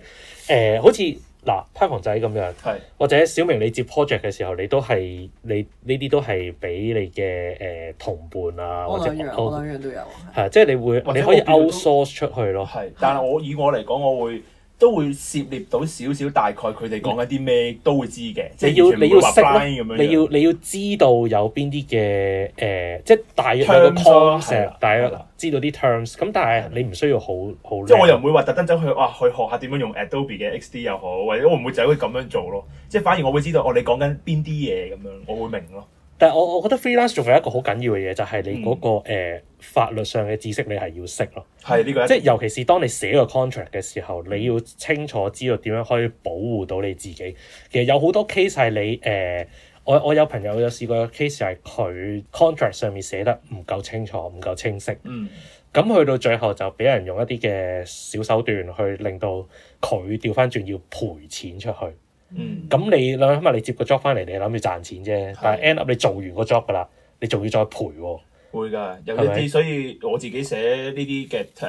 是呃，好似。嗱，批房仔咁樣，是或者小明你接 project 嘅時候你，你，你都係你呢啲都係俾你嘅誒同伴啊，或者樣，多我兩樣都有，係，即係你會者你可以 outsource 出去咯，係。但係我以我嚟講，我會。都會涉獵到少少，大概佢哋講緊啲咩都會知嘅。你要即你要識，blind 你要，樣你，要你要知道有邊啲嘅誒，即係大約有個 concepts，大約知道啲 terms 的。咁但係你唔需要好好，的即係我又唔會話特登走去哇、啊、去學下點樣用 Adobe 嘅 XD 又好，或者我唔會就係會咁樣做咯。即係反而我會知道，我哋講緊邊啲嘢咁樣，我會明咯。但係我我覺得 freelance 仲有一個好緊要嘅嘢，就係、是、你嗰個、那個誒、嗯呃、法律上嘅知識，你識，你係要識咯。係呢個，即係尤其是當你寫個 contract 嘅時候，你要清楚知道點樣可以保護到你自己。其實有好多 case 係你誒、呃，我我有朋友有試試過一個 case 係佢 contract 上面寫得唔夠清楚、唔夠清晰。嗯，咁去到最後就俾人用一啲嘅小手段去令到佢調翻轉要賠錢出去。嗯，咁你啦，今日你接個 job 翻嚟，你諗住賺錢啫。係。但係 end up 你做完個 job 噶啦，你仲要再賠喎、哦。會噶，有啲所以我自己寫呢啲嘅誒，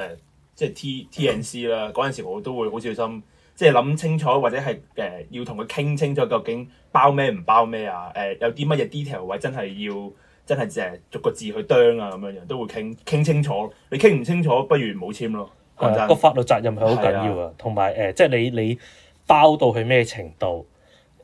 即係 T T N C 啦。嗰陣時我都會好小心，即係諗清楚，或者係誒、呃、要同佢傾清楚究竟包咩唔包咩啊？誒、呃，有啲乜嘢 detail 位真係要真係淨係逐個字去啄啊咁樣樣，都會傾傾清楚。你傾唔清楚，不如唔好簽咯。係啊，個法律責任係好緊要啊，同埋誒，即係你你。包到去咩程度？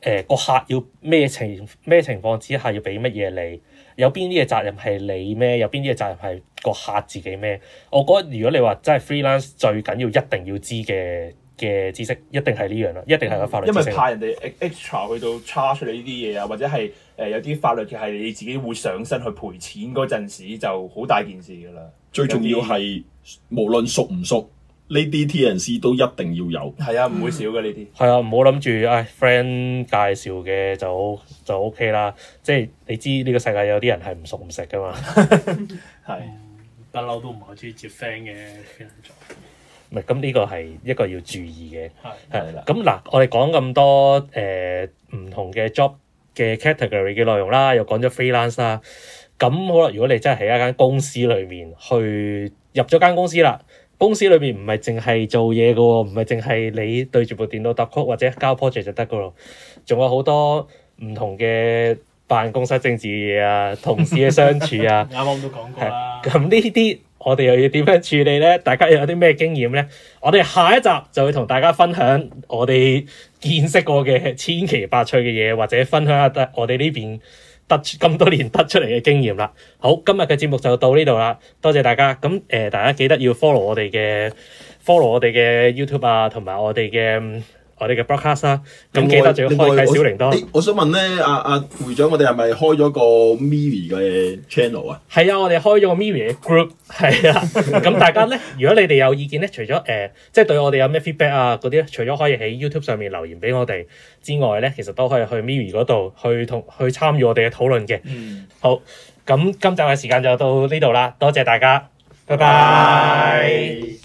誒、呃、個客要咩情咩情況之下要俾乜嘢你？有邊啲嘅責任係你咩？有邊啲嘅責任係個客自己咩？我覺得如果你話真係 freelance 最緊要一定要知嘅嘅知識，一定係呢樣啦，一定係個法律先、嗯。因為怕人哋 extra 去到 charge 你呢啲嘢啊，或者係誒、呃、有啲法律嘅係你自己會上身去賠錢嗰陣時，就好大件事㗎啦。最重要係無論熟唔熟。呢啲 T N C 都一定要有，係啊，唔會少嘅呢啲。係啊，唔好諗住唉，friend 介紹嘅就就 OK 啦。即係你知呢個世界有啲人係唔熟唔識噶嘛。係不嬲都唔係好中意接 friend 嘅。唔係咁呢個係一個要注意嘅。係係啦。咁嗱，我哋講咁多誒唔同嘅 job 嘅 category 嘅內容啦，又講咗 freelance 啦。咁好啦，如果你真係喺一間公司裏面去入咗間公司啦。公司裏面唔係淨係做嘢㗎喎，唔係淨係你對住部電腦打曲或者交 project 就得㗎咯，仲有好多唔同嘅辦公室政治嘢啊，同事嘅相處啊。啱啱都講過啦。咁呢啲我哋又要點樣處理咧？大家又有啲咩經驗咧？我哋下一集就會同大家分享我哋見識過嘅千奇百趣嘅嘢，或者分享下我哋呢邊，得咁多年得出嚟嘅經驗啦，好，今日嘅節目就到呢度啦，多謝大家，咁誒、呃，大家記得要 follow 我哋嘅 follow 我哋嘅 YouTube 啊，同埋我哋嘅。我哋嘅 broadcast 啦外，咁記得仲要開啟小鈴鐺。我想問咧，阿阿會長，我哋係咪開咗個 Miri 嘅 channel 啊？係啊，我哋開咗個 Miri 嘅 group，係 啊。咁大家咧，如果你哋有意見咧，除咗誒、即、呃、係、就是、對我哋有咩 feedback 啊嗰啲，除咗可以喺 YouTube 上面留言俾我哋之外咧，其實都可以去 Miri 嗰度去同去參與我哋嘅討論嘅。嗯。好，咁今集嘅時間就到呢度啦，多謝大家，拜拜。